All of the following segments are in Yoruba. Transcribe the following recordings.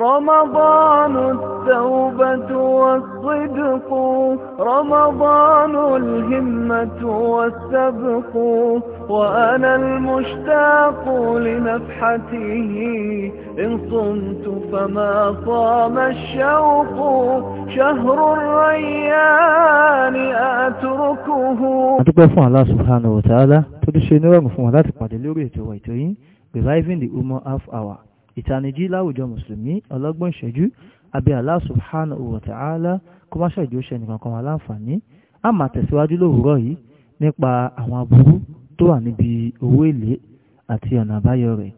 رمضان التوبة والصدق رمضان الهمة والسبق وأنا المشتاق لنفحته إن صمت فما صام الشوق شهر الريان أتركه الله سبحانه وتعالى Reviving the Umar Half Hour ìtanijí láwùjọ mùsùlùmí ọlọ́gbọ́n ìṣẹ́jú àbí Allah subhanahu wa ta'ala kó má ṣàjò ṣe nìkan kan wà láǹfààní a máa tẹ̀síwájú lówùúrọ̀ yìí nípa àwọn aburú tó wà níbi owó èlé àti ọ̀nà àbáyọ rẹ̀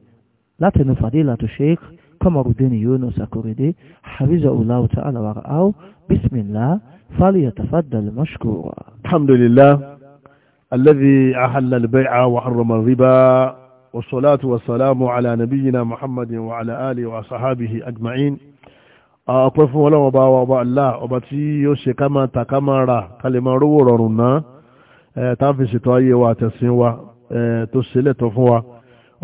látẹnu fadilatu sheikh Kamaruddin Yunus Akorede hafizahullahu ta'ala wa ra'ahu bismillah falyatafaddal mashkura. alhamdulillah alladhi والصلاة والسلام على نبينا محمد وعلى آله وصحابه أجمعين أقف ولا وبا وبا الله وبتي يوشي كما تكمرا كلمة رورنا تافي ستواي واتسنوا تسلت فوا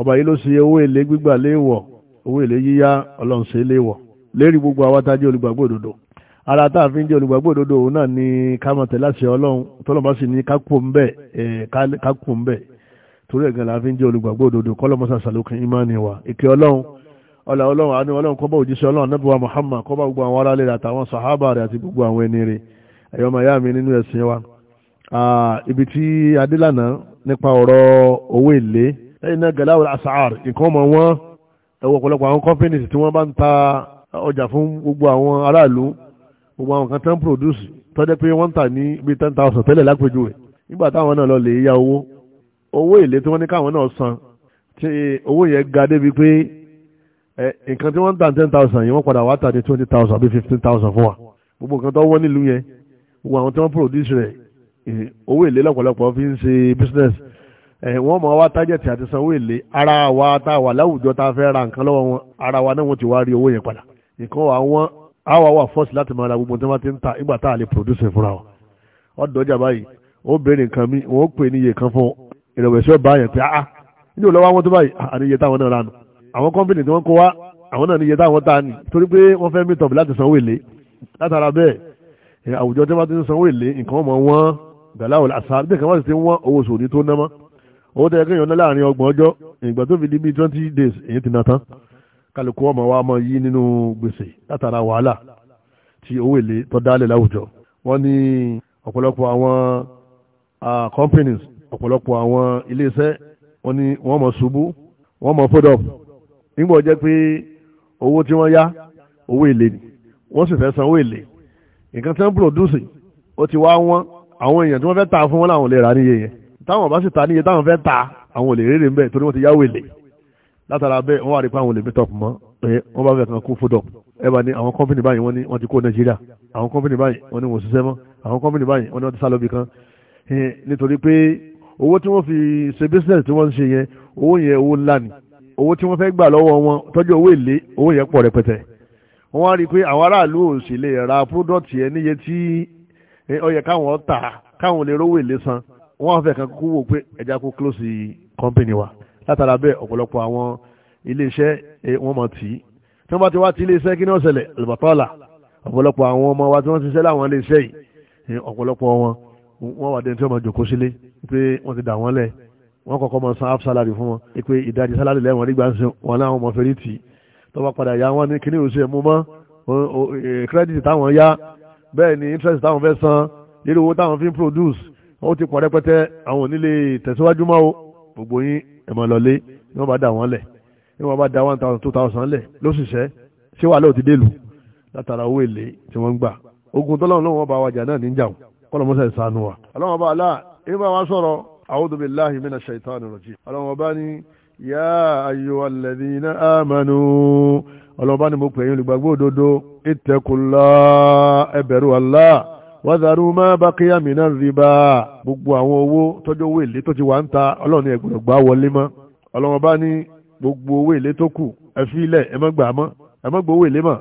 ọba yìí ló ṣe owó èlé gbígbà léèwọ̀ owó èlé yíyá ọlọ́run ṣe léèwọ̀ lérí gbogbo àwa tá a jẹ́ olùgbàgbọ́ òdodo ara tá a fi ń jẹ́ olùgbàgbọ́ òdodo òun náà ni ká máa tẹ̀lé àṣẹ ọlọ́run tọ́lọ́mọ́sí ni ká kú ń bẹ̀ ká kú ń bẹ̀ torí ẹ̀gàn la fi ń jẹ́ olùgbàgbọ́ òdodo kọ́lọ́mọ́sá sàlókun ìmánì wa ìkẹ́ ọlọ́run ọlá ọlọ́run àánú ọlọ́run kọ́bọ̀ òjíṣẹ́ ọlọ́run nẹ́bùwà Muhammad kọ́bọ̀ gbogbo àwọn ará lèrè àtàwọn sàhábà rẹ̀ àti gbogbo àwọn ẹni rẹ̀ ẹ̀yọ́ màá yá mi nínú ẹ̀sìn wa ibi tí adélànà nípa ọ̀rọ̀ owó èlé lẹ́yìn náà gẹ̀lá àṣàr nǹkan ọmọ wọn ẹ̀wọ̀ produce tọ́jẹ́ pé wọ́n ten thousand tẹ́lẹ̀ lápèjúwe nígbà táwọn náà lọ lè yá owó èlé tí wọ́n ní káwọn náà san tí owó yẹn ga débi pé nǹkan tí wọ́n ń tà ten thousand yìí wọ́n padà wá tà ní twenty thousand àbí fifteen thousand fún wa gbogbo nǹkan tó wọ́n nílùú yẹn gbogbo àwọn tí wọ́n produce rẹ̀ owó èlé lọ́pọ̀lọpọ̀ fi ń ṣe business wọ́n mọ̀ wá tájẹ̀tì àti sanwó èlé ara wa tá a wà láwùjọ tá a fẹ́ ra nǹkan lọ́wọ́ wọn ara wa náà wọ́n ti wá rí owó yẹn padà nǹkan wa wọ́n á wà wà fọ́ọ̀sì láti máa ra gbogbo tí wọ́n ti ń ta ìgbà tá a lè produce fúnra wa ọ̀dọ́jà báyìí ó béèrè nǹkan mi wọ́n pè ní iye kan fún ìrẹ̀wẹ̀sì ọba yẹn pé áá nílò lọ́wọ́ àwọn tó báyìí ah, àníyẹ táwọn náà ránu àwọn kọ́mpìnì tí wọ́n kó wá àwọn náà níyẹ táwọn ta ni torí pé wọ́n fẹ́ mítọ̀pù láti sanwó èlé látara bẹ́ẹ̀ àwùjọ tí wọ́n ti ń sanwó èlé nǹkan ọmọ wọn gàláwò àṣà bí nǹkan wọ́n ti ń wọ́n owó oṣù ní tó ná mọ́ owó tẹ́ kéèyàn náà láàrin ọgbọ̀n ọjọ́ ìgbà tó fi di bíi twenty days èyí ti na tán kálukú ọmọ wa mọ yí nínú gbèsè látara wàhálà tí owó èlé tó dálẹ̀ láwùjọ wọ́n ní ọ̀pọ̀lọpọ̀ àwọn ah, companies ọ̀pọ̀lọpọ̀ àwọn iléeṣẹ́ wọn ni wọ́n mọ̀ ṣubú wọ́n mọ̀ fọ́dọ̀ nígbà jẹ́ pé owó tí wọ́n yá owó èlé ni wọ́n sì fẹ́ sanwó èlé nǹkan tí wọ́n pòdúsì ó ti wá wọ́n àwọn èèyàn tí wọ́n fẹ́ ta fún wọn làwọn lè rà níye yẹn táwọn bá sì ta níye táwọn fẹ́ ta àwọn olè rèrè ń bẹ̀ torí wọ́n ti yáwó èlé látara bẹ́ẹ̀ wọ́n wà rí pé àwọn olè meet up mọ́ pé wọ́n bá fẹ́ kan kú fódọ̀ ẹ bá ní àwọn kọ́mpìnì báyìí wọ́n ní wọ́n ti kó nàìjíríà àwọn kọ́mpìnì báyìí wọ́n ní wọ́n ṣiṣẹ́ mọ́ àwọn kọ́mpìnì báyìí wọ́n ní wọ́n ti sá lọ bì kan nítorí pé owó tí wọ́n fi ṣe business tí wọ́n ń ṣe yẹn owó yẹn owó ńlá ni owó tí wọ́n fẹ́ gbà lọ́wọ́ wọn tọ́jú owó èlé owó yẹn pọ̀ rẹpẹtẹ wọ́n wá rí i pé àwọn aráàlú ò sì lè ra product yẹn níye tí ó káwọn tà káwọn lè rówó èlé san wọ́n wá fẹ́ kan kú wò pé ẹja kó close company wa látara bẹ́ẹ̀ ọ̀pọ̀lọpọ̀ àwọn iléeṣẹ́ wọn mọ̀ tì í tí wọ́n bá ti wá ti iléeṣẹ́ kí ni ó ṣẹlẹ̀ àlùbọ̀tọ́là ọ̀pọ̀lọpọ̀ àwọn ọmọ wa tí wọ́n ti ṣiṣẹ́ láwọn iléeṣẹ́ yìí ọ̀pọ̀lọpọ̀ wọn wọ́n wà dẹni tí wọ́n máa jòkó sílé pé wọ́n ti dà wọ́n lẹ̀ wọ́n kọ́kọ́ máa san half salary fún wọn pé ìdajì salary lẹ́wọ̀n nígbà ń sin wọn láwọn ọmọ fẹ́rí tì tó bá padà yá wọn ní kíní òsì ẹ̀mú mọ́ e, credit táwọn yá bẹ́ẹ̀ ni interest táwọn fẹ́ san lílo owó táwọn fi ń produce ó ti pọ̀ rẹpẹtẹ àwọn onílé tẹ̀síwájú mọ́ o gbogbo yín ẹ̀mọ̀ lọ́lé ni wọ́n bá dà wọ́n lẹ̀ ni wọ́n bá dà one thousand two thousand lẹ̀ lóṣìṣẹ́ ṣé wàhálà ò ti dé lù látara owó èlé tí wọ́n ń gbà ogun tọ́lọ́run lóun ọba àwàjà náà ní ń jà wọ́n kọ́lọ̀mọ́sẹ̀ ìsànú wa ọlọ́wọ́n bá aláà ibà wá sọ̀rọ̀ a'udhu billahi minash shaitanir rajim ọlọ́wọ́n bá ní ya ayyuhal ladhina amanu ọlọ́wọ́n bá ní mo pè yín olùgbàgbọ́ òdodo ittaqullah ẹ bẹ̀rù Allah wa dharu ma baqiya minar riba gbogbo àwọn owó tọ́jú owó èlé tó ti wà ń ta ọlọ́run ní gbà mọ́ ọlọ́wọ́n bá gbogbo owó èlé mọ́ ẹ má gbowó èlé mọ́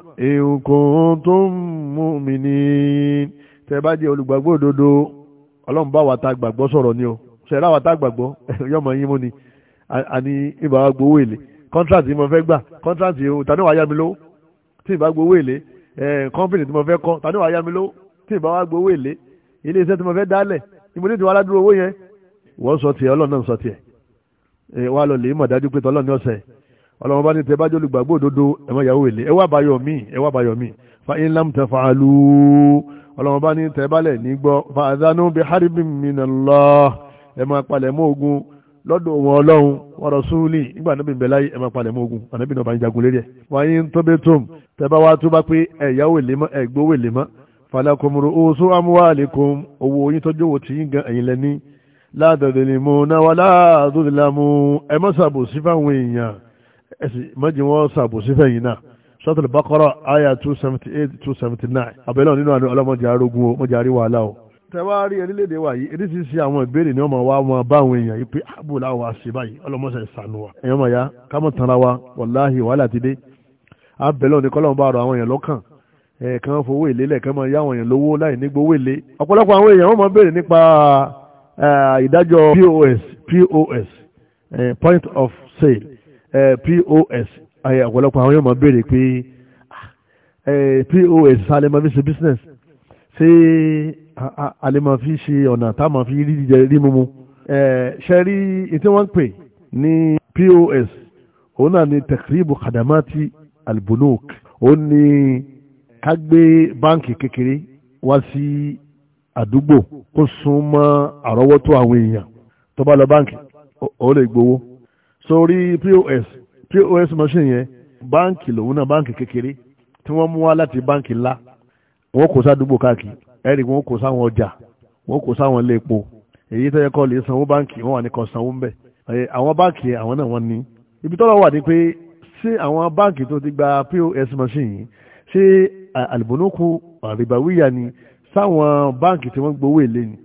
in tẹ́ bá jẹ́ olùgbàgbọ́ òdodo ọlọ́run bá wa ta gbàgbọ́ sọ̀rọ̀ ni o ṣẹ̀rá wa ta gbàgbọ́ yọmọ yín mú ni àní ìbá wa gbowó èlé kọ́ńtrátì mo fẹ́ gbà kọ́ńtrátì tani wàá yá mi lówó tí ìbá gbowó èlé kọ́ńpìnì tí mo fẹ́ kọ́ tani wàá yá mi lówó tí ìbá wa gbowó èlé ilé iṣẹ́ tí mo fẹ́ dálẹ̀ ìmọ̀lẹ́ ti wá ládùúró owó yẹn wọ́n sọ tiẹ̀ ọlọ́run náà sọ tiẹ̀ wà lọ lè mọ̀ dájú pé tọ́lọ́run ní ọ̀sẹ̀ ọlọ́run bá ní tẹ bá jólùgbàgbọ́ òdodo ẹ̀mọ́ ìyàwó èlé ẹ wá bayọ̀ míì ẹ wá bayọ̀ míì fa in lam taf'alu ọlọ́run bá ní tẹ́bálẹ̀ ní gbọ́ fàázánú bí haribi minallah ẹ máa palẹ̀ mọ́ ogun lọ́dọ̀ wọn ọlọ́run wa rasuli nígbà náà bìbẹ̀ láyé ẹ máa palẹ̀ mọ́ ogun ànábì náà bá ń jagun lérí ẹ̀. wáyé ń tó bẹ́ tóun tẹ́bá wá tó bá pé ẹ̀yà wèlé mọ́ ẹ̀gbó wèlé oṣù amúhàlìkùn owó oyin tọ́jú owó tí gan ẹ̀yìn lẹ́ni ládàdìlì náà wà láàdúdìlámú sọ́tàlì bákọ́rọ̀ àyà 278-279 àbẹ̀lẹ̀ nínú àdó ọlọ́mọdé arógun o mọ́jà rí wàhálà o. tẹ́wàá rí orílẹ̀-èdè wa yìí eréṣiṣi àwọn ìbéèrè ni wọ́n máa wá wọn bá àwọn èèyàn yìí pé ààbò làwọn wá sí báyìí ọlọ́mọṣẹ́ ìsànù wa. èèyàn mọ̀ ya kámọ̀ tanra wa wàláhì wàhálà ti dé àbẹ̀lẹ̀ ní kọ́lọ́mù bá rọ àwọn èèyàn lọ́kàn ẹ̀ẹ̀kan fowó èlé POS POS point of sale POS ayé ọ̀pọ̀lọpọ̀ àwọn yóò máa béèrè pé ah, pos alẹ́ máa fi ṣe business ṣé alẹ́ máa fi ṣe ọ̀nà tá a máa fi rí jíjẹ rí mímu ṣe rí etí wọ́n ń pè ní pos òun náà ni tẹ̀kìrìbù kàdàmátì albonok, ó ní ká gbé báǹkì kékeré wá sí àdúgbò kó sún mọ́ àrọ́wọ́tó àwọn èèyàn tó bá lọ báǹkì ó lè gbowó sórí pos tí os machine yẹn báǹkì lòun náà báǹkì kékeré tí wọ́n mú wá láti báǹkì ńlá wọ́n kò sádùúgbò káàkiri ẹ̀rì wọ́n kò sáwọn ọjà wọ́n kò sáwọn ilé epo èyí tó yẹ kọ́ lè sanwó báǹkì wọ́n wà ní kan sanwó ń bẹ̀ àwọn báǹkì àwọn náà wọ́n ní ibi tọ́lọ́ wà ní pé ṣé àwọn báǹkì tó ti gba pos machine yìí ṣé àlùbọ́nùkù àrìbáwíyà ni sáwọn báǹkì tí wọ́n gbowó èlé ni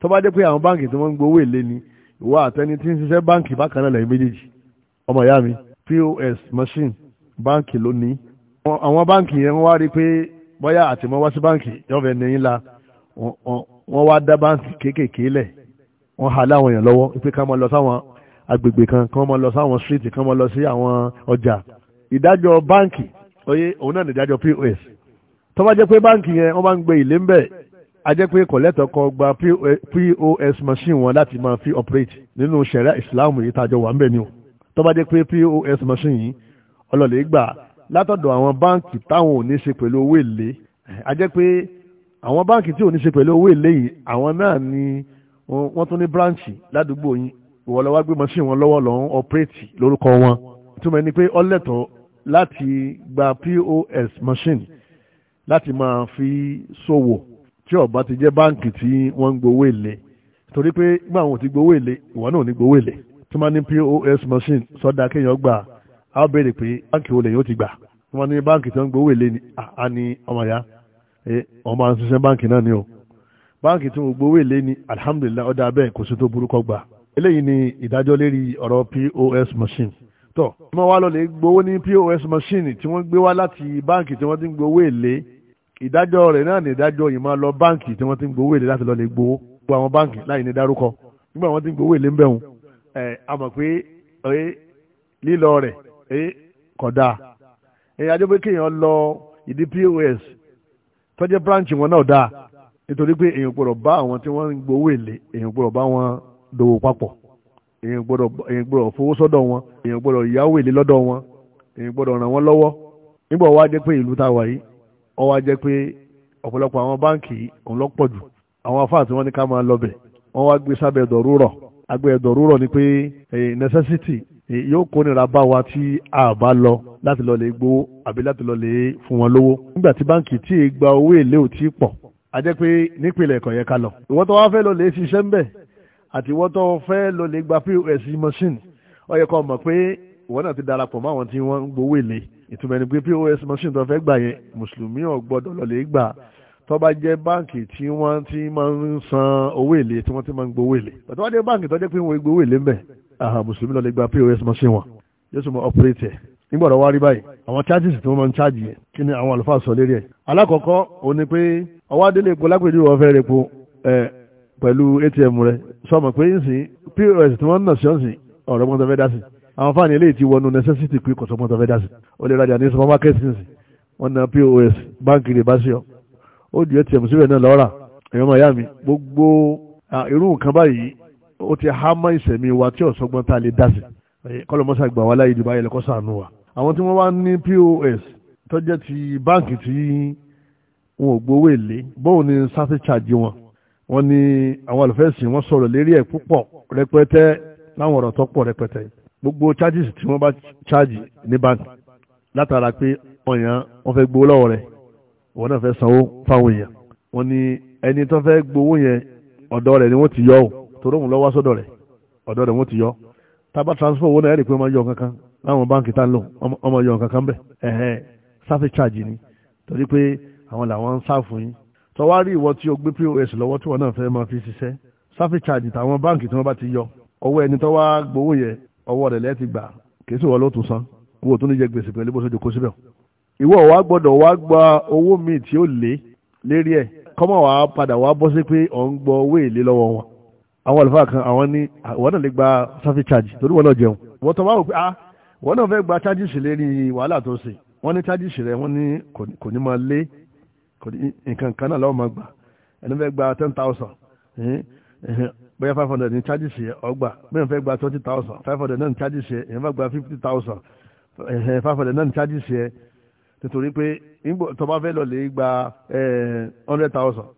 tó bá dé pé àwọn báǹkì tí wọ́n gbowó èlé ni ìwọ àtẹni tí ń ṣiṣẹ́ báǹkì bákan náà lẹ́yìn méjèèjì ọmọ ìyá mi pos machine báǹkì lónìí àwọn báǹkì yẹn wọ́n wá rí pé bóyá àtìmọ́ wá sí báǹkì yọ̀ọ̀fẹ́ nìyí la wọ́n wá dá báǹkì kéékèèké lẹ̀ wọ́n hà láwọn èèyàn lọ́wọ́ pé ká máa lọ sáwọn agbègbè kan kán máa lọ sáwọn street kán máa lọ sí àwọn ọjà ìdájọ́ báǹkì oyè òun náà nìdájọ́ pos tó bá jẹ́ pé báǹkì yẹn wọ́n bá ń gbé ilé ń a jẹ́ pé kọ̀lẹ́tọ̀ kan gba pos machine wọn láti máa fi operate nínú ṣẹ̀ríà ìsìláàmù yìí tájọ wà ń bẹ̀ ni o tó bá jẹ́ pé pos machine yìí ọlọ́lẹ̀ gbà látọ̀dọ̀ àwọn báǹkì táwọn ò ní ṣe pẹ̀lú owó èlé a jẹ́ pé àwọn báǹkì tí ò ní ṣe pẹ̀lú owó èlé yìí àwọn náà ni wọ́n tún ní bíráǹchì ládùúgbò yín ìwọ ló gbé machine wọn lọ́wọ́ lọ́n ọ̀pẹ́rẹ́tì lórúkọ wọn túmọ̀ ẹni pé ọlẹ́tọ̀ láti gba pos machine láti máa fi ṣòwò tí ó bá ti jẹ́ báǹkì tí wọ́n ń gbowó èlé torí pé gbàwọn ò ti gbowó èlé ìwọ náà ò ní gbowó èlé tí wọ́n ní pos machine sọ́dá kéèyàn gbà á béèrè pé báńkì olè yóò ti gbà tí wọ́n ní báńkì tí wọ́n ń gbowó èlé ni a ní ọmọ ya ọmọ à ń ṣiṣẹ́ báńkì náà ni o báńkì tí wọ́n gbowó èlé ni alihamudulilayi ọ̀dà bẹ́ẹ̀ kò sí tó burúkọ gbà eléyìí ni ìdájọ́ lérí ọ̀rọ̀ pos machine tọ́ ọmọ wa lọ lè gbowó ní pos machine tí wọ́n gbé wá láti báńkì tí wọ́n ti ń gbowó èlé ìdájọ́ rẹ̀ náà ní ìdájọ́ yìí máa lọ báńkì tí wọ́n ti ń gbowó èlé láti lọ lè gbowó gbogbo àwọn báńkì láì ní dárúkọ nígbà wọ́n ti gbowó èlé ń bẹ̀rùn ẹ a pé ẹ lílọ rẹ̀ ẹ kódà ẹ kéèyàn lọ ìdí pos tọ́jẹ́ branch wọn náà dáa nítorí pé èèyàn gbọ́dọ̀ bá àwọn tí wọ́n ń gbowó èlé èèyàn gbọ́dọ̀ bá wọn dòwò papọ̀ èèyàn gbọ́dọ̀ fowó sọ́dọ̀ wọn èèyàn gbọ́dọ̀ yáwó èlé lọ́dọ̀ wọn èèyàn gbọ́dọ̀ ràn wọ́n lọ́wọ́ nígbà jẹ́ pé ìlú a wà yìí ó wá jẹ́ pé ọ̀pọ̀lọpọ̀ àwọn báǹkì òun lọ́pọ̀ jù agbẹ́ ẹ̀dọ̀ rúrọ̀ ni pé necessity yóò kónira bá wa tí a bá lọ láti lọ lè gbowó àbí láti lọ lè fún wọn lówó nígbà tí báǹkì tí ì gba owó èlé ò tí pọ̀ a jẹ́ pé nípìnlẹ̀ ẹ̀kọ́ yẹ ká lọ ìwọ́n tó wá fẹ́ lọ lè ṣiṣẹ́ ń bẹ̀ àti ìwọ́n tó fẹ́ lọ lè gba pos e machine ó yẹ kó mọ̀ pé ìwọ́n náà ti darapọ̀ mọ́ àwọn tí wọ́n ń gbowó èlé ìtumọ̀ ni pé pos e machine tó fẹ́ gbà yẹn mùsùlùmí ò gbọ́dọ̀ lọ lè gbà tó bá jẹ́ báǹkì tí wọ́n ti máa ń san owó èlé tí wọ́n ti máa ń gbowó èlé bàtà wọ́n dé báǹkì tó jẹ́ pé wọ́n gbowó èlé mbẹ̀ mùsùlùmí lọ lè gba pos machine wọn yóò sì mọ ọpẹrẹtẹ nígbà tó wá rí báyìí àwọn charges tí wọ́n máa ń charge yẹn kí ni àwọn àlùfáà sọ lérí ẹ̀. alákọ̀ọ́kọ́ ò ní pé ọwọ́ adélé epo lágbèjì wọ́n fẹ́ repo pẹ̀lú atm rẹ sọmọ pé ń sìn pos tí wọ́n ń nà sí ọ̀sìn ọ̀rọ̀ mọ́tò fẹ́ dá sí àwọn fáàní ó di atm síbẹ̀ náà lọ́ra èèyàn máa yá mi gbogbo irú nǹkan báyìí ó ti há mọ́ ìsẹ̀mí wa tí ọ̀sọ́gbọ́n tá a lè dá sí kọ́lọ́mọ́sá gbà wá láyé ìdìbò ayẹlẹ́kọ́ sànù wa àwọn tí wọ́n wá ní pos tó jẹ́ ti báǹkì tí wọn ò gbowó èlé bóun ni sáfì ṣáàjì wọn wọn ni àwọn àlùfẹ́sìn wọn sọ̀rọ̀ lérí ẹ̀ púpọ̀ rẹpẹtẹ láwọn ọ̀rọ̀ tó rẹpẹtẹ gbogbo charges tí wọ́n bá ṣáàjì ní báǹkì látara pé ọ̀yàn wọn fẹ́ gbowó lọ́wọ́ rẹ̀ wọn náà fẹ́ sanwó fáwọn èèyàn wọn ni ẹni tó fẹ́ gbowó yẹn ọ̀dọ̀ rẹ̀ ni wọ́n ti yọ ò torí òun lọ́wọ́ sọ́dọ̀ rẹ̀ ọ̀dọ̀ rẹ̀ wọ́n ti yọ tábà transfer owó náà ẹ̀rì pé wọ́n máa yọ kankan láwọn báńkì tá ń lò wọ́n máa yọ kankan bẹ̀ ẹ̀hẹ́n sáfì charge ni torí pé àwọn làwọn ń sáfù yín tọwárí ìwọ tí o gbé pos lọ́wọ́ tí wọ́n náà fẹ́ máa fi ṣiṣẹ́ sáfì charge táwọn báńkì tí wọ́n bá ti yọ ọwọ́ ẹni tó wá gbowó yẹn ọwọ́ rẹ̀ lẹ́ẹ̀ ti gbà kì í sì wọ́n ló tún san owó tó ní jẹ gbèsè pẹ̀lú bó ṣe jòkó síbẹ̀ ìwọ wa gbọ́dọ̀ wá gba owó míì tí ó lé lérí ẹ̀ kọ́mọ̀ wá padà wá bọ́ sí pé ọ̀ ń gbọ́ owó èlé lọ́wọ́ wọn àwọn àlùfáà kan àwọn ní àwọn náà lè gba traffic charge torí wọn náà jẹun wọ́n tán wá wò pé ah wọ́n náà fẹ́ gba charges lérí wàhálà tó ṣe wọ́n ní charges rẹ̀ wọ́n ní kò ní máa lé nǹkan kan náà lọ́wọ́ máa gbà ẹni fẹ́ gba ten thousand bóyá five hundred ní charges yẹ ọgbà bóyá fẹ́ gba twenty thousand five hundred náà ní charges yẹ ìyẹn fẹ́ gba fifty thousand five hundred náà ní charges yẹ nítorí pé tó bá fẹ́ lọ lè gba hundred thousand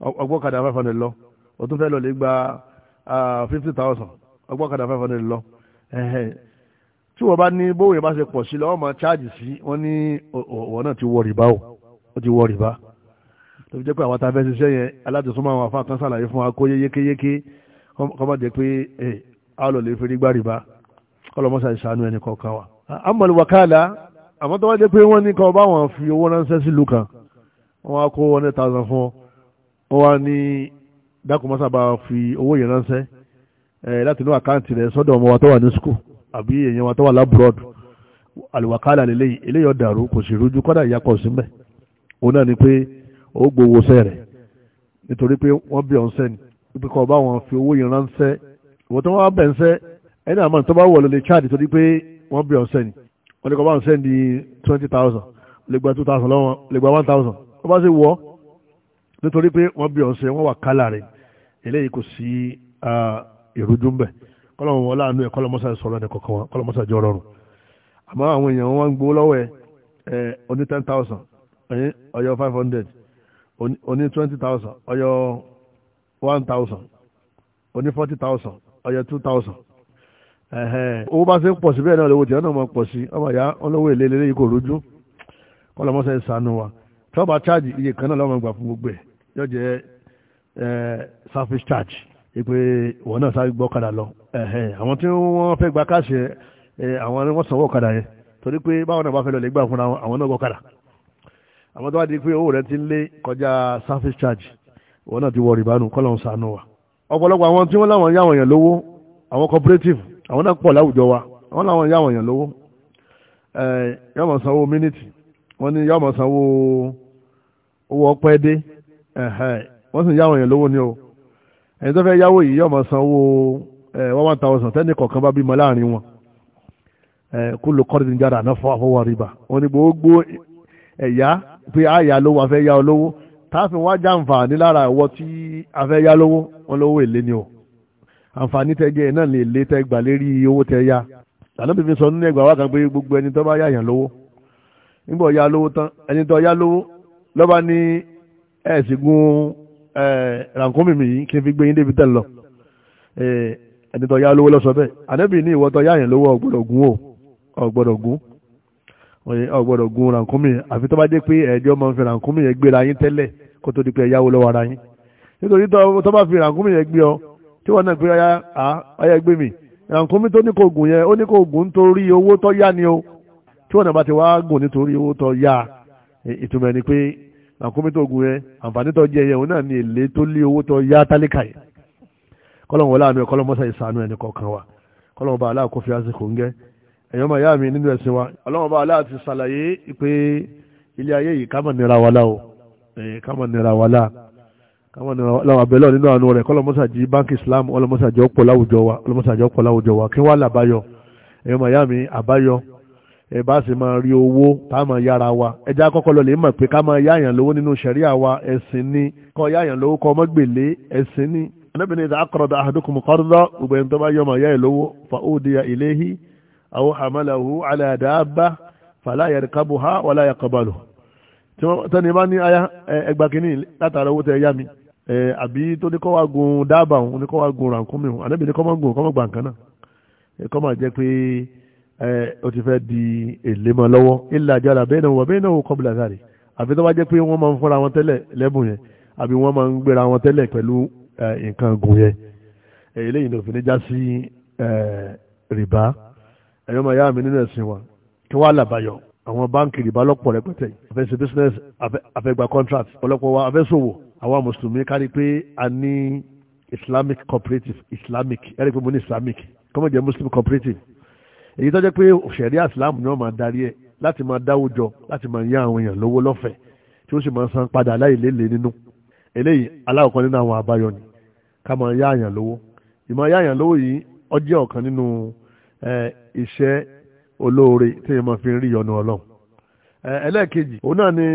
ọgbọ́kadà five hundred lọ o tún fẹ́ lọ lè gba fifty thousand ọgbọ́kadà five hundred lọ tí wọ́n bá ní bóyá bá ṣe pọ̀ sí lọ́wọ́ máa ṣáàjì sí wọ́n ní ọ̀wọ́ náà ti wọ rìbá o ó ti wọ rìbá tó fi jẹ́ pé àwọn tá a fẹ́ ṣiṣẹ́ yẹn alátìsúnmọ́ àwọn afá kan ṣàlàyé fún wa kó yé yékéyéké kọ́ má jẹ́ pé a lọ lè fi rí gbá rìbá ọlọ́mọ́sà ìṣàánú ẹnì kọ̀ọ̀kan wa. amal wakala àmọ́ tó wá jẹ́ pé wọ́n ní kan báwọn fi owó ránṣẹ́ sí lukan wọ́n á kó one thousand fún ọ wọ́n á ní dákùnmọ́sá bá fi owó yẹn ránṣẹ́ láti inú àkáǹtì rẹ̀ sọ́dọ̀ ọmọ wa tó wà ní skul àbí èèyàn wa tó wà lábúrọ̀dù àlùwàkálà lélẹ́yìí eléyọ̀ dàrú kò sì rújú kọ́dà ìyàpọ̀ sí mẹ́ òun náà ni pé ó gbowó sẹ́ rẹ̀ nítorí pé wọ́n bí ọ̀n sẹ́ni wípé kọ́ bá wọn fi owó yẹn ránṣẹ́ ìwọ́n tó wọ́n bẹ̀ ń sẹ́ ẹni àmọ́ tó bá wọ̀ lọ lè chaàdì torí pé wọ́n bí ọ̀n sẹ́ni wọ́n ní kọ́ bá ń sẹ́ndì twenty thousand lè gba two thousand lọ́wọ́ lè gba one thousand wọ́n bá sì wọ́ nítorí pé wọ́n bí ọ̀sẹ̀ wọ́n wà kálà rẹ̀ eléyìí kò sí ìrújú ńbẹ̀ kọ́lọ́mù wọn láàánú ẹ̀ kọ́lọ́mù sáré sọ̀rọ̀ ẹ̀ kọ̀ọ̀kan wọn kọ́lọ́mù sáré jọ rọrùn àmọ́ àwọn èèyàn wọn gbowó lọ́wọ́ ẹ̀ oní ten thousand ọyọ five hundred oní twenty thousand ọyọ one thousand oní forty thousand ọyọ two thousand owó bá ṣe ń pọ̀ sí bẹ́ẹ̀ náà lówó jẹ́ náà máa pọ̀ sí ọmọ ìyá ọlọ́wọ́ èlé lélẹ́yìí kò rújú kọ́lọ́mọ́sẹ̀ sànù wa tọ́ba charge iye kan náà lọ́mọ gbà fún gbogbo ẹ̀ yóò jẹ́ surface charge ìpè ìwọ náà sáré gbọ́ kadà lọ àwọn tí wọ́n fẹ́ gba káàṣì àwọn ni wọ́n sanwó kadà yẹn torí pé báwọn náà bá fẹ́ lọ lè gbà fún àwọn náà gbọ́ kadà àwọn tó bá di pé owó rẹ ti ń lé kọjá surface charge ìwọ náà ti wọ rìbánu kọ́lọ́mọ́sẹ̀ sànù wa ọ̀pọ̀lọpọ̀ àwọn tí wọ́n láwọn yá àwọn èèyàn lówó àwọn cooperative àwọn náà pọ̀ láwùjọ wa àwọn làwọn yá àwọn èèyàn lówó yóò máa sanwó mínítì wọ́n ní yóò sanwó owó ọpẹ́ dé wọ́n sì yá àwọn èèyàn lówó ni o ẹni tó fẹ́ yáwó yìí yóò máa sanwó one thousand tẹ́ni kọ̀ọ̀kan bá bímọ láàrin wọn kúlù kọ́rin ní jáde àná fọ́ àfọwọ́ rìbá wọ́n gbogbo ẹ̀yà pé àyà lówó afẹ́ yá olówó táàfin wá jàǹfààní lára ìwọ tí afẹ́ yá lówó wọn lówó èlé ni o. àǹfààní tẹ́jẹ́ náà lè lé tẹ́gbà lérí owó tẹ́yà fi sọ nínú ẹgbà wá gbogbo ẹni tó bá lówó nígbà ya lówó tán ẹni tó yá lówó lọ́ba ní ẹ̀ẹ́sìgún yìí kí n fi gbé yín débi tẹ̀ lọ ẹni tó yá lówó lọ́sọ bẹ́ẹ̀ ànábì ní ìwọ tó yàyàn lówó ọ̀gbọ́dọ̀ gún o ọ̀gbọ́dọ̀ gún ọ̀gbọ́dọ̀ gún àfi tó bá dé pé fi rànkómì yẹn gbéra yín tẹ́lẹ̀ kó tó di pé ẹ̀yáwó lọ́wọ́ ara yín nítorí tó bá fi tí wọ́n náà gbé ayé gbé mi nǹkan mi tó ní kò gùn yẹn ó ní kò gùn nítorí owó tó yá ni o tí wọ́n náà bá ti wá gùn nítorí owó tó yá ìtumọ̀ ni pé nǹkan mi tó gùn yẹn àǹfààní tó jẹ yẹn òun náà ni èlé tó lé owó tó yá tálíkà yẹn kọ́lọ́n wọlé àánú ẹ̀ kọ́lọ́n mọ́sá ìsànú ẹni kọ̀ọ̀kan wa kọ́lọ́n bá aláà kó fi àsìkò ń gẹ́ ẹ̀yọ́ màá yá mi nínú ẹ̀sìn wa ọlọ́run bá aláà ti ṣàlàyé pé ilé ayé yìí ká nira wa o ká nira wa káwọn ní ọlọ́wọ́ abẹ́lọ́ nínú àánú rẹ̀ kọ́lọ́mọ́sàjì báńkì Islam ọlọ́mọ́sàjì ọ̀pọ̀ láwùjọ wa ọlọ́mọ́sàjì ọ̀pọ̀ láwùjọ wa kí wọ́n làbáyọ ẹ̀yọ́ mayami àbáyọ ẹ bá sì máa rí owó tá a máa yára wa ẹjẹ́ akọ́kọ́ lọ lè mọ̀ pé ká máa yáyàn lówó nínú ṣẹ̀ríà wa ẹ̀sìn ni kọ́ yáyàn lówó kọ́ mọ́gbèlé ẹ̀sìn ni anábìnrin ìdá akọ̀rọ̀dà ahadukum qarda gbogbo ẹni tó bá ní aya ẹgbàkínní látara owó tẹ yá mi àbí tó ní kọ́ wá gun dábàá òun ní kọ́ wá gun rànkúnmí òun ànábì ní kọ́ máa gun kọ́ máa gbà nǹkan náà kọ́ máa jẹ́ pé ó ti fẹ́ di èlé mọ́ lọ́wọ́ ilẹ̀ àjọra bẹ́ẹ̀ náà wọ bẹ́ẹ̀ náà kọ́ bìlà sáré àfi tó bá jẹ́ pé wọ́n máa ń fọ́ra wọn tẹ́lẹ̀ lẹ́bùn yẹn àbí wọ́n máa ń gbéra wọn tẹ́lẹ̀ pẹ̀lú nǹkan gun yẹn eléyìí ló fi já sí rìbá ẹ̀yọ́ máa yá mi nínú ẹ̀sìn wa kí wọ́n á làbàyọ àwọn báńkì rìbá lọ́pọ̀ rẹpẹtẹ àfẹ́ business àfẹ́ gba contract ọlọ́pọ̀ wa àfẹ́ àwa mùsùlùmí kárí pé a ní islamic cooperative islamic ẹ̀rí pé mo ní islamic kọ́mọ̀ jẹ́ muslim cooperative èyí tó jẹ́ pé ṣẹ̀ríà islam ni wọ́n máa darí ẹ̀ láti máa dáwùjọ láti máa yá àwọn èèyàn lówó lọ́fẹ̀ẹ́ tí ó sì máa san padà láìléle nínú eléyìí aláwọ̀kan nínú àwọn àbáyọ ni ká máa yá àyàn lówó ìmọ̀ yá àyàn lówó yìí ó jẹ́ ọ̀kan nínú iṣẹ́ olóore tí èèyàn máa fi rí ìyọ́nú ọlọ́run ẹlẹ́ẹ̀kejì òun náà ni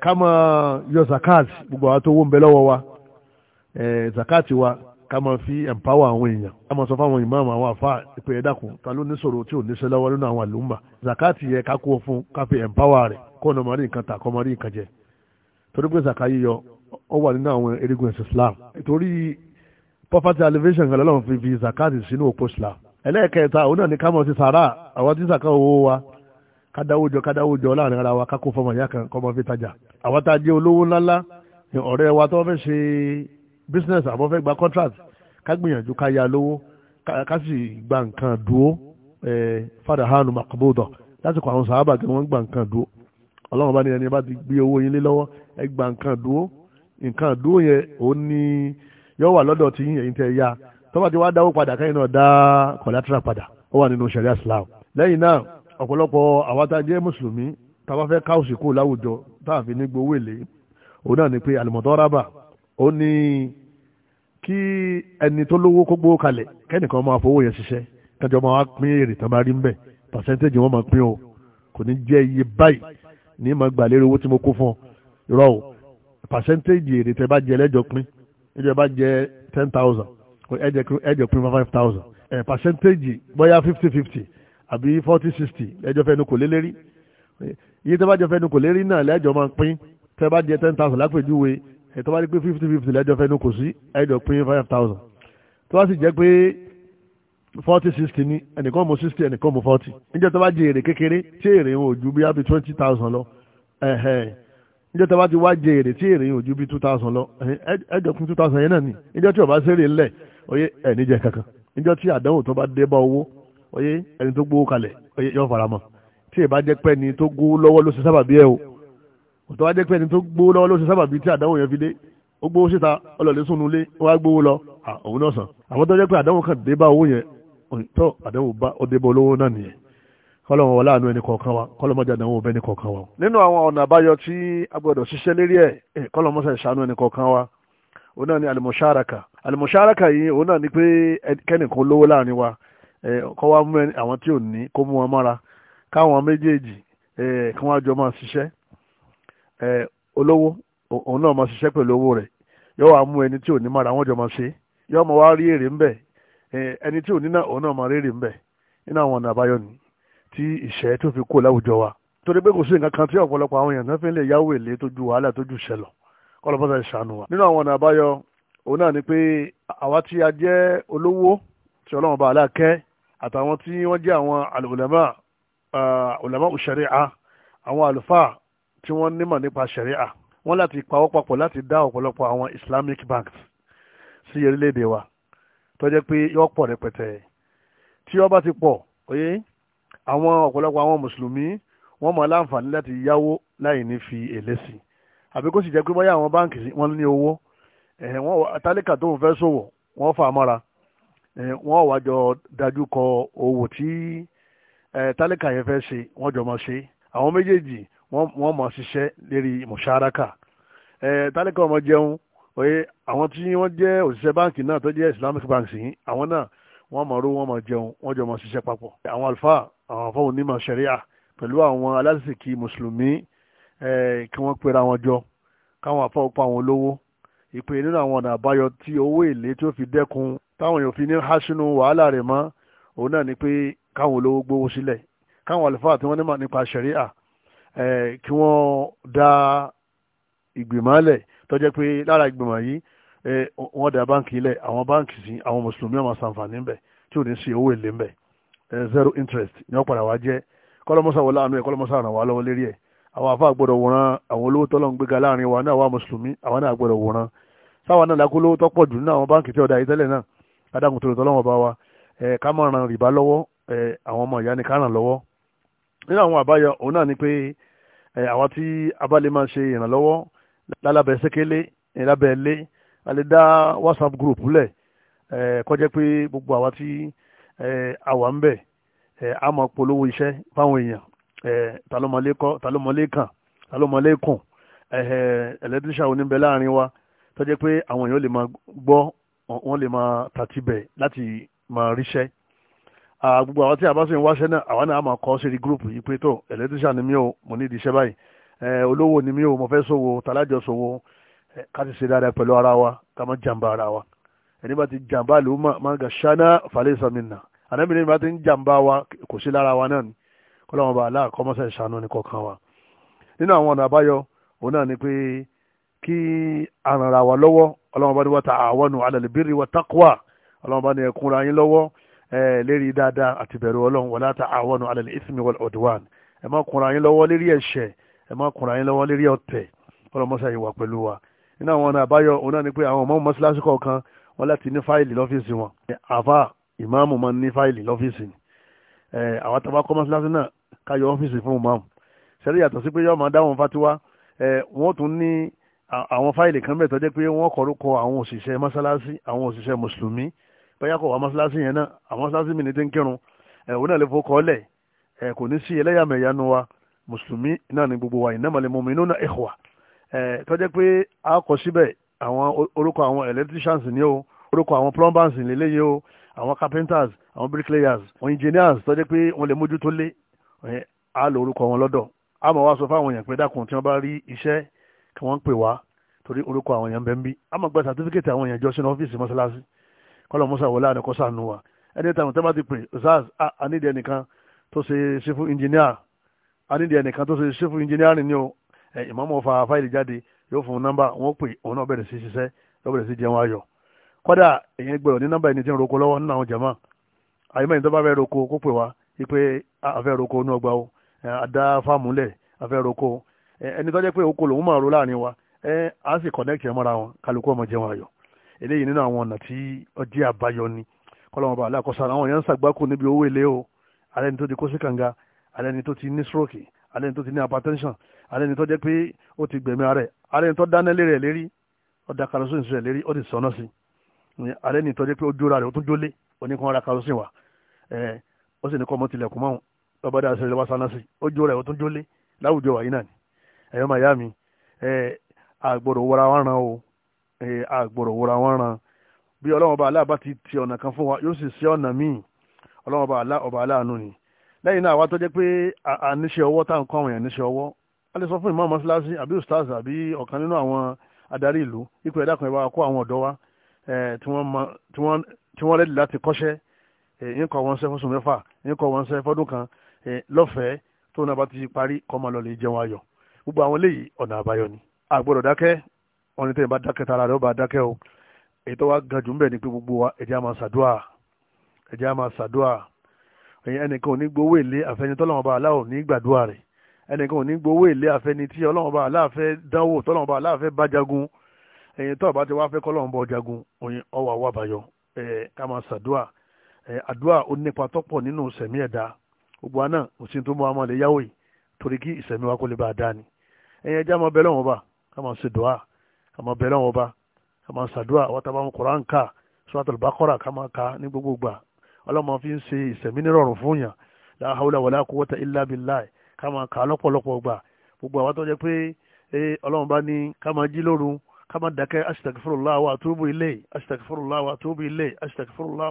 ká máa yọ zakat gbogbo àwọn tó wó ń bẹ lọ́wọ́ wa zakat wa ká máa fi empower àwọn èèyàn ká máa sọ fáwọn imam àwọn àfa ìpè ẹ̀dàkùn ta ló níṣòro tí ò níṣẹ́ lọ́wọ́ nínú àwọn àlùmọ̀ zakat yẹ ká kó fún ká fi empower rẹ̀ kó ọ̀nà mọ̀rí nǹkan tà kọ́ mọ̀rí nǹkan jẹ torí pé zaka yíyọ ó wà nínú àwọn erigun ẹ̀sìn Islam torí poverty elevation kan lọ́lọ́run fi fi zakat sínú òpó Islam ẹlẹ́ẹ̀kẹta òun náà ní ká máa ti sàrà àwọn tí zaka owó wa kádáwójọ kádáwójọ láàrin ara wa kákó fọmọ ìyá kan kọmọ fi tajà àwọn tá a jẹ olówó ńláńlá ni ọ̀rẹ́ wa tó fẹ́ ṣe business àbọ̀ fẹ́ gba contract ká gbìyànjú ká ya lówó ká sì gba nǹkan dúó fada hanu makabodo lásìkò àwọn sàábà kí wọ́n gba nǹkan dúó ọlọ́run bá ní ẹni bá ti gbé owó yín lé lọ́wọ́ ẹ gba nǹkan dúó nǹkan dúó yẹn ó ní yóò wà lọ́dọ̀ tí yín tẹ ya tọ́ba ti wá dáwó padà káyìn náà dá collateral padà ó wà nínú sharia Islam lẹ́yìn náà ọ̀pọ̀lọpọ̀ àwátajẹ́ mùsùlùmí tàbá fẹ́ káòsì kó láwùjọ táàfin ní gbowó èlé òun náà ni pé àlùmọ̀tọ́rábà ó ní kí ẹni tó lówó kó gbowó kalẹ̀ kẹ́nìkan máa fowó yẹn ṣiṣẹ́ kájọ máa wá pín èrè tán bá rí ń bẹ̀ pàṣẹ́ntéèjì wọn máa pín o kò ní jẹ́ iye báyìí ní máa gbà lérò owó tí mo kó fún ọ irọ́ o pàṣẹ́ntéèjì èrè tẹ bá jẹ lẹ́jọ pín ẹjọ bá jẹ ten thousand ẹjọ pín five thousand pàṣẹ́ntéèjì bóyá fifty fifty àbí forty sixty ẹjọ́ fẹ́ nu kò lé lérí iye tẹ́ bá jọ fẹ́ nu kò lérí náà lẹ́jọ́ máa pín tẹ́ bá jẹ ten thousand lápèjúwe ẹ̀ tó bá rí pé fifty fifty lẹ́jọ́ fẹ́ nu kò sí ẹjọ́ pín five thousand tó bá sì jẹ́ pé forty sixty ni ẹnìkan mú sixty ẹnìkan mú forty níjẹ́ tó bá jẹ èrè kékeré tí èrè wọn ò bí abi twenty thousand lọ níjẹ́ tó bá ti wá jẹ èrè tí èrè wọn ò bí two thousand lọ ẹjọ́ pín two thousand yẹn náà ni níjẹ́ tí ó bá sẹ́rè ńlẹ̀ oyè ẹ̀ níjẹ́ kankan níjẹ́ tí àdánwò tó bá oyé ẹni tó gbowó kalẹ̀ oyé yọ fara mọ́ tí ìbá jẹ́ pẹ́ ni tó gbowó lọ́wọ́ ló ṣe sábàbí ẹ̀ o òtọ́ wá jẹ́ pẹ́ ni tó gbowó lọ́wọ́ ló ṣe sábàbí tí àdánwò yẹn fi dé ó gbowó síta ọlọ́ọ̀lẹ́ sùn nulẹ̀ ó wá gbowó lọ òun náà sàn àwọn tó jẹ́ pé àdánwò kan dé bá owó yẹn tó àdánwò bá ó dé bá olówó náà nìyẹn kọ́lọ́mọ wọlé àánú ẹni kọ̀ọ̀kan wa kọ́lọ́mọ jẹ́ àdánwò bẹ́ẹ̀ ni kọ̀ọ̀kan wa. nínú àwọn ọ̀nà àbáyọ tí a gbọ́dọ̀ ṣiṣẹ́ lérí ẹ̀ kọ́lọ́mọ sẹ̀ ṣàánú ẹni kọ̀ọ̀kan wa òun náà ni alimusharaka alimusharaka yìí òun náà ni pé kẹ́nìkan lówó láàrin wa kọ́ wá mú àwọn tí ò ní kó mú wọn mọ́ra káwọn méjèèjì kí wọ́n jọ máa ṣiṣẹ́ olówó òun náà máa ṣiṣẹ́ pẹ̀lú owó rẹ̀ yóò wá mú ẹni tí ò ní mọ́ra wọ́n jọ máa ṣe yóò máa wá rí èrè ńbẹ̀ ẹni tí ò ní náà òun náà máa rí èrè ńbẹ̀ nínú àwọn ọ̀nà àbáyọ ni tí ìṣẹ́ tó fi kó láwùjọ wa torí pé kò sí nǹkan kan tí ọ̀pọ̀lọpọ̀ àwọn èèyàn náà fi ń lè yáwó èlé tó ju wàhálà tó ju ṣẹlọ̀ kọ́lọ́pọ̀tà ìṣàánú wa nínú àwọn ọ̀nà àbáyọ òun náà ni pé àwa tí a jẹ́ olówó tí ọlọ́run bá aláàkẹ́ àtàwọn tí wọ́n jẹ́ àwọn alùlẹ́mà uh, ulama ṣẹ̀ríà àwọn àlùfáà tí wọ́n nímọ̀ nípa ṣẹ̀ríà wọ́n láti pawọ́ papọ̀ láti dá ọ̀pọ̀lọpọ̀ àwọn islamic banks sí orílẹ̀-èdè wa tó jẹ́ pé yọ pọ̀ rẹpẹtẹ tí ó bá ti pọ̀ oyé àwọn ọ̀pọ̀lọpọ̀ àwọn mùsùlùmí wọ́n máa láǹfààní láti yáwó láì ní fi èlé sí àbí kó sì jẹ́ pé bóyá àwọn báǹkì wọ́n ní owó ẹ̀hìn wọn tálíkà tóun fẹ́ ṣòwò wọ́n fà á mọ́ra wọ́n wá jọ dájú kọ owó tí tálíkà yẹn fẹ́ ṣe wọ́n jọ mọ̀ ṣe àwọn méjèèjì wọ́n mọ̀ ṣiṣẹ́ lérí mọ̀ṣáraka tálíkà ọmọ jẹun oye àwọn tí wọ́n jẹ́ òṣìṣẹ́ báǹkì náà tó jẹ́ islamic banks yìí àwọn náà wọ́n mọ̀ ró wọ́n mọ̀ jẹun wọ́n jọ mọ̀ ṣiṣẹ́ papọ̀ àwọn àlùfáà àwọn afọ onímọ̀ ṣẹ̀ríà pẹ̀lú àwọn alásìkí mùsùlùmí kí wọ́n pera wọn jọ káwọn afọ pa àwọn olówó ìpè nínú àwọn ọ̀nà àbáyọ tí owó èlé tí ó fi dẹ́kun táwọn èèyàn fi ní há wàhálà rẹ̀ mọ́ òun náà ni pé káwọn olówó gbówó sílẹ̀ káwọn àlùfáà tí wọ́n nímọ̀ nípa ṣẹ̀ríà kí wọ́n dá ìgbìmọ̀ lẹ̀ tó jẹ́ pé lára ìgbìmọ̀ yìí wọ́n dá báǹkì lẹ̀ àwọn báǹkì sí àwọn mùsùlùmí ọmọ sàǹfààní ń bẹ̀ tí ò ní sí owó èlé ń bẹ̀ zero interest ni wọ́n padà wá jẹ́ kọ́lọ́mọ́sá wọlé àánú ẹ̀ kọ́lọ́mọ́sá ràn wá lọ́wọ́ lérí ẹ̀ àwọn àfa àgbọ̀dọ̀ wòran àwọn olówó tọ́lọ́ ń gbéga láàrin wa náà wà mùsùlùmí àwọn náà àgbọ̀dọ̀ wòran táwa náà lágó lówó tọ́pọ̀ jù nínú àwọn báǹkì tí ọ̀dà yìí tẹ́lẹ̀ náà adágún tòlótọ́ lọ́wọ́ bá wa ká má ran rìbá lọ́wọ́ àwọn ọmọ ìyá ni ká ràn lọ́wọ́ nínú àwọn àbáyọ òun náà ni pé àwọn tí abálẹ̀ máa ṣe ìrànlọ́wọ́ lálábẹ́ sékélé lábẹ́ dá whatsapp group lẹ̀ kó jẹ́ pé gbogbo àwa tí àwa ń bẹ̀ a máa polówó iṣẹ́ fáwọn èèyàn ta ló mọlé kọ́ ta oníbẹ̀ láàrin wa tó jẹ́ pé àwọn èèyàn lè máa gbọ́ wọ́n lè máa tàtí bẹ̀ láti máa ríṣẹ́ gbogbo àwọn tí a bá sì ń wáṣẹ́ náà àwa náà a máa kọ́ síri gúrùpù yìí pé tó electrician ni mí o mo ní ìdíṣẹ́ báyìí olówó ni mí o mo fẹ́ ṣòwò tàlájọ ṣòwò ká ti ṣe dáadáa pẹ̀lú ara wa ká má jàǹbá ara wa ẹni bá ti jàǹbá ló máa gà ṣáná falẹ́sà mi nà ànábì bá ti ń jàǹbá wa kò sí lára wa náà ni kọ́lọ́mọba aláàkọ́mọ́sẹ̀ ṣàánú ni kọ̀ọ̀kan wa nínú àwọn ọ̀nà àbáyọ òun náà ni pé kí àrànra wa lọ́wọ́ ọlọ́wọ́n bá ní wa ta'awanu 'ala al-birri wa taqwa ọlọ́wọ́n bá ní ẹ kúnra yín lọ́wọ́ lérí dáadáa àti bẹ̀rù ọlọ́run wala ta'awanu 'ala al-ithmi wal-'udwan ẹ má kúnra yín lọ́wọ́ lérí ẹ̀ṣẹ̀ ẹ má kúnra yín lọ́wọ́ lérí ọ̀tẹ̀ ọlọ́mọṣà yìí wà pẹ̀lú wa iná àwọn ọ̀nà àbáyọ òun náà ni pé àwọn ọmọ mọ́ṣáláṣí kọ̀ọ̀kan wọn láti ní fáìlì lọ́fíìsì wọn àfa ìmáàmù máa ń ní ni àwọn fáìlì kan bẹ́ẹ̀ tó jẹ́ pé wọ́n kọ̀rúkọ àwọn òṣìṣẹ́ mọ́sálásí àwọn òṣìṣẹ́ mùsùlùmí bóyá kò wá mọ́sálásí yẹn náà àwọn mọ́sálásí mi ní ti ń kírun ẹ̀ òun náà lè fọkọ́ ọ̀lẹ̀ ẹ̀ kò ní sí ẹlẹ́yàmẹ̀yà nu wa mùsùlùmí náà ní gbogbo wa innamal mu'minuna ikhwa ẹ̀ tó jẹ́ pé a kọ síbẹ̀ àwọn orúkọ àwọn electricians ni o orúkọ bricklayers àwọn engineers tó jẹ́ pé wọ́n lè mójútó a lò a máa wá sọ fáwọn èèyàn pé kí wọ́n pè wá torí orúkọ àwọn èèyàn bẹ́ẹ̀ bí a máa gba sàtífíkẹ́tì àwọn èèyàn jọ sínú ọ́fíìsì mọ́ṣáláṣí kọ́lọ̀ musa wọlé àníkọ́ sànù wa ẹni táwọn tẹ́ bá ti pè zaz anídìí ẹnìkan tó ṣe sífù ìnjìníà anídìí ẹnìkan tó ṣe sífù ìnjìníàrì ni o ìmọ̀mọ́ fa fáìlì jáde yóò fún un nọ́mbà wọn pè òun náà bẹ̀rẹ̀ sí ṣiṣẹ́ yóò bẹ̀rẹ̀ sí jẹun ayọ̀ kọ́dà èyàn gbẹ̀rọ̀ ní nọ́mbà ẹni tí ń roko lọ́wọ́ ipe àfẹ́ roko inú ọgbà o àdá ẹni tó jẹ́ pé okòó lòun máa ro láàrin wa ẹ á sì connect ẹ mọ́ra wọn kálukú ọmọ jẹun ayọ̀ eléyìí nínú àwọn ọ̀nà tí ọjẹ́ àbáyọ ni kọ́lọ́mọ bá aláàkọ́sọ àwọn èèyàn ń ṣàgbákò níbi owó èlé o alẹ́ni tó ti kó sí kànga alẹ́ni tó ti ní stroke alẹ́ni tó ti ní hypertension alẹ́ni tó jẹ́ pé ó ti gbẹ̀mí ara ẹ̀ alẹ́ni tó dáná lé rẹ̀ lérí ó da kerosene sí rẹ̀ lérí ó ti sọ̀nà sí sí ẹ̀yọ́ màá yá mi àgbọ̀dọ̀ wọra wọn ran o àgbọ̀dọ̀ wọra wọn ran bí ọlọ́run ọba aláàbá ti ti ọ̀nà kan fún wa yóò sì sí ọ̀nà míì ọlọ́run ọba alá ọba aláàánú ni lẹ́yìn náà àwa tó jẹ́ pé àníṣe ọwọ́ tá kọ́ àwọn èèyàn níṣe ọwọ́ a lè sọ fún ìmọ̀ mọ́ṣáláṣí àbí ustaz àbí ọ̀kan nínú àwọn adarí ìlú ipò ẹ̀dá kan ìwà kó àwọn ọ̀dọ́ wa tí wọ́n rẹ́dì láti kọ́ṣẹ́ yín kọ́ wọn ṣe fọ́sùn mẹ́fà yín kọ́ wọn ṣe fọ́dún kan lọ́fẹ̀ẹ́ tó náà bá ti parí kọ́ máa lọ lè jẹun ayọ̀ gbogbo àwọn eléyìí ọ̀nà àbáyọ ni àgbọ̀dọ̀ dákẹ́ wọn ní tẹ́yìn bá dákẹ́ tara rẹ̀ ó bá dákẹ́ o èyí tó wá ga jù ń bẹ̀ ni pé gbogbo wa ẹ̀jẹ̀ á máa ṣàdúà ẹ̀jẹ̀ á máa ṣàdúà ẹnìkan ò ní gbowó èlé àfẹni tọ́lọ́wọ́n bá aláwọ̀ ní gbàdúrà rẹ̀ ẹnìkan ò ní gbowó èlé àfẹni tí ọlọ́wọ́n bá aláàfẹ́ dánwò tọ́lọ́wọ́n torí kí ìsẹ̀mí wa kó lè bá a dá ni ẹ̀yẹn ẹja máa bẹ lọ́wọ́n ọba ká máa ṣe dùá ká máa ọba ká máa ṣàdúrà àwọn tá a bá ń Kùránì ká ká ka ní gbogbo gbà ọlọ́mọ fi ń ṣe ìsẹ̀mí fún yàn la hawla wala quwwata illa billah ká máa ka lọ́pọ̀lọpọ̀ gbà gbogbo àwọn tó jẹ́ pé ọlọ́run bá ní ká máa jí lóru ká máa dákẹ́ astaghfirullah wa atubu ilayh astaghfirullah wa atubu ilayh astaghfirullah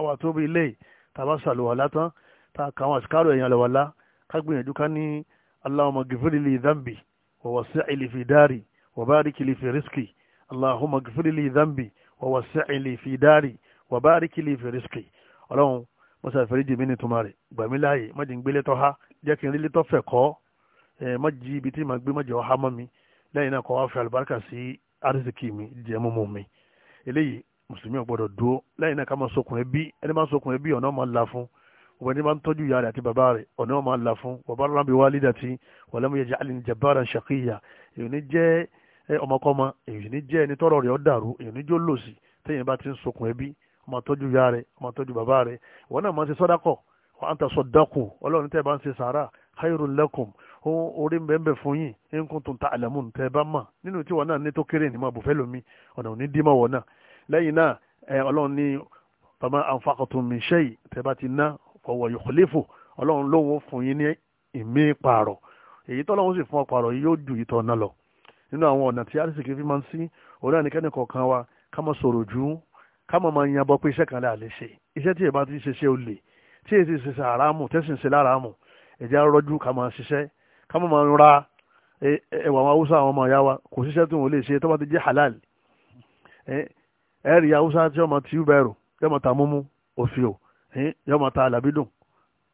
wa li dhanbi ووسع لي في داري وبارك لي في رزقي اللهم اغفر لي ذنبي ووسع لي في داري وبارك لي في رزقي ọlọ́run mọ́sá ìfẹ́ríjì mi ní tuma rẹ̀ gbàmí láàyè má jẹ́ ń gbélé tọ́ha jẹ́ kí n rílé tọ́fẹ̀ kọ́ ẹ̀ má jí ibi tí màá gbé má jẹ́ ọ̀há mọ́ mi lẹ́yìn náà kọ́ wá fẹ́ àlùbáríkà sí àrísìkì mi jẹ́ mímú mi eléyìí mùsùlùmí ò dúró lẹ́yìn náà ká máa sokùn ẹbí ẹni máa sokùn ẹbí ọ̀nà máa la fún un wọ́n ní máa ń tọ́jú ìyá rẹ̀ àti bàbá rẹ̀ ọ̀nà wọn máa ń la fún bàbá rẹ̀ bí walidati wa lam yaj'alni jabbaran shaqiyya èyí ní jẹ́ ọmọkọ́mọ èyí ní jẹ́ ẹni tọ́rọ̀ rẹ̀ ó dàrú èyí ní jó lòsì téèyàn bá ti ń sokùn ẹbí ọmọ tọ́jú ìyá rẹ̀ ọmọ tọ́jú bàbá rẹ̀ wọn náà máa ń ṣe sọ́dákọ̀ wa anta saddaqu ọlọ́run tẹ́ bá ń ṣe sàárà khairul lakum orí mbẹ́mbẹ́ fún yín in kuntum ta'lamun tẹ́ bá mà nínú tí wọn náà ní tó kéré ní máa bùfẹ́ lómi ọ̀nà òní dí mọ́ wọn náà lẹ́yìn náà ọlọ́run ní bàbá anfaqtum min shay tẹ́ bá ti ná fọwọ́ yòkúlẹ́fò ọlọ́run lóun fún yín ní ìmí pààrọ̀ èyí tọ́lọ́run sì fún ọ pààrọ̀ yóò ju ìtọ̀ náà lọ nínú àwọn ọ̀nà tí arísìkì fi máa ń sí òun náà nìkẹ́ni kọ̀ọ̀kan wa ká má sọ̀rọ̀ jù ká má máa yan bọ́ pé iṣẹ́ kan lè àlè ṣe iṣẹ́ tí ìbá ti ṣe ṣe olè tí èsì ṣe ṣe àràmù tẹ́sí ṣe láràmù ẹ̀jẹ̀ arọ́jú ká máa ṣiṣẹ́ ká má máa ra ẹwà àwọn haúsá àwọn ọmọ ìyá wa kò ṣiṣẹ́ tí wọ́n lè ṣe tó bá ti jẹ́ halal ẹ̀ẹ́rì haúsá tí ọmọ tìyú bẹ̀rù tí ọmọ tàmúmú òfìò yọ máa ta àlàbí dùn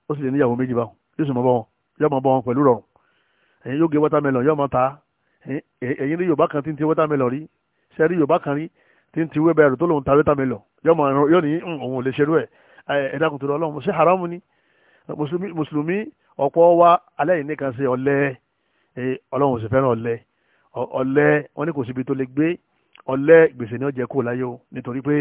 ó sì lè níyàwó méjì báwọn yóò sì máa bọ wọn yọ máa bọ wọn pẹ̀lú rọrùn ẹ̀yin yóò gé watermelon yọ máa ta ẹ̀yin rí yorùbá kan tí ń ti watermelon rí ṣe rí yorùbá kan rí tí ń ti wẹ́bẹ̀ rẹ̀ tó lòun ta watermelon yọ máa yọ ní hmm, òun ò lè ṣerú ẹ̀ ẹ̀dá kùtù lọ́wọ́ mo ṣe haramu ni mùsùlùmí ọ̀pọ̀ wa aláìní kan ṣe ọ̀lẹ ọlọ́run ò sì fẹ́ràn ọ̀lẹ ọ̀lẹ wọn ní kò síbi tó lè gbé ọ̀lẹ gbèsè ni ó jẹ kó láyé o nítorí pé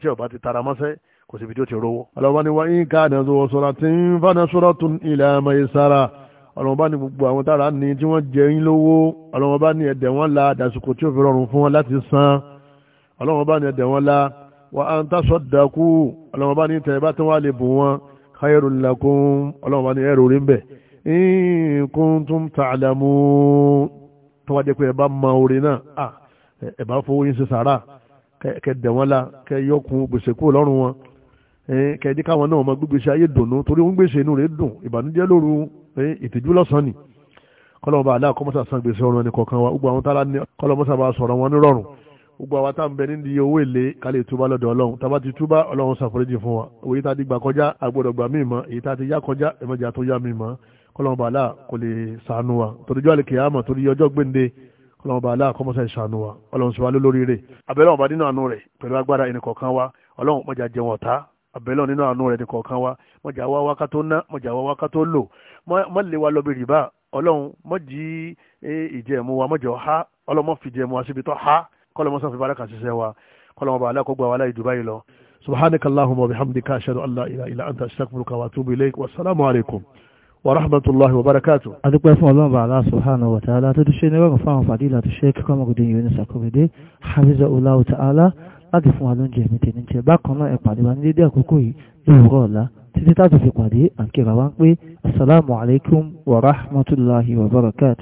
ṣe ọba ti tara mọ́sẹ́ kò síbi tí ó ti rówó ọlọ́wọ́ ni wọ́n ń ká àdánsó sọ́ra tí ń fánà sọ́rọ̀ tún ilẹ̀ àmà ìsára ọlọ́wọ́ bá gbogbo àwọn tára ní tí wọ́n jẹ yín lówó ọlọ́wọ́ bá ẹ̀dẹ̀ wọn la dàsìkò tí ó fi rọrùn fún wọn láti san ọlọ́wọ́ bá ní ẹ̀dẹ̀ wọn la wà á ń tásọ̀ dàkú ọlọ́wọ́ bá tẹ̀ bá tí wọ́n lè bù wọn khairul lakum ọlọ́wọ́ bá in kuntum ta'lamun tó wá jẹ́ pé ẹ bá mọ orin náà ẹ bá fowó yín kẹ̀dí káwọn náà ọmọ gbígbèsè ayé dùnú torí wọ́n gbèsè inú rẹ̀ dùn ìbànújẹ́ lóru ìtìjú lọ́sàn-án ni kọlọ́mọba aláà kọ́mọ́sà san gbèsè ọ̀run ẹni kọ̀ọ̀kan wa gbogbo àwọn tára ní kọlọ́mọsà bá sọ̀rọ̀ wọn nírọ̀rùn gbogbo àwọn tá à ń bẹ nídìí owó èlé ká lè túbá lọ́dọ̀ ọlọ́run tá a bá ti túbá ọlọ́run ṣàforíjì fún wa òye tá a ti gbà kọjá agbọ́dọ̀ gbà míì mọ́ èyí tá a ti yá kọjá ẹ̀mọ́jà tó yá míì mọ́ kọlọ́mọba aláà kò lè sànù wa toríjọ́ àlè kìyàmọ̀ torí ọjọ́ gbèǹde ọlọ́run bàálà kọ́mọ́sá àbẹ̀lọ́ nínú àánú rẹ̀ nìkọ̀ọ̀kan wa mọ̀jà wá wákà tó ná mọ̀jà wá wákà tó lò mọ̀ lè wa lọ bí rìbá ọlọ́run mọ̀jì e, ìjẹ̀mú wa mọ̀jọ̀ ha ọlọ́mọ fìjẹ̀mú wa síbi tó ha kọ́lọ́mọ sàn fi ṣiṣẹ́ wa kọ́lọ́mọ bàálà kó gbà wá láì dùbá yìí lọ. subhanaka allahumma wa bihamdika ashhadu an la ilaha illa anta astaghfiruka wa atubu ilayk wa assalamu alaykum wa rahmatullahi wa barakatuh. a dúpẹ́ fún ọlọ́run bàálà subhanahu wa ta'ala tó ti ṣe ní rọrùn fáwọn fàdílà tó ṣe kíkọ́ mọ̀gòdì yìí ní sàkóbìdé hafizahu allah ta'ala láti fún wa lóúnjẹ mi tèmi jẹ bákan náà ẹ pàdé wa ní dédé àkókò yìí lóòrọ̀ ọ̀la títí táàtò fi pàdé àkíra wa ń pé asalaamualeykum wa rahmatulahi wa barakatuh.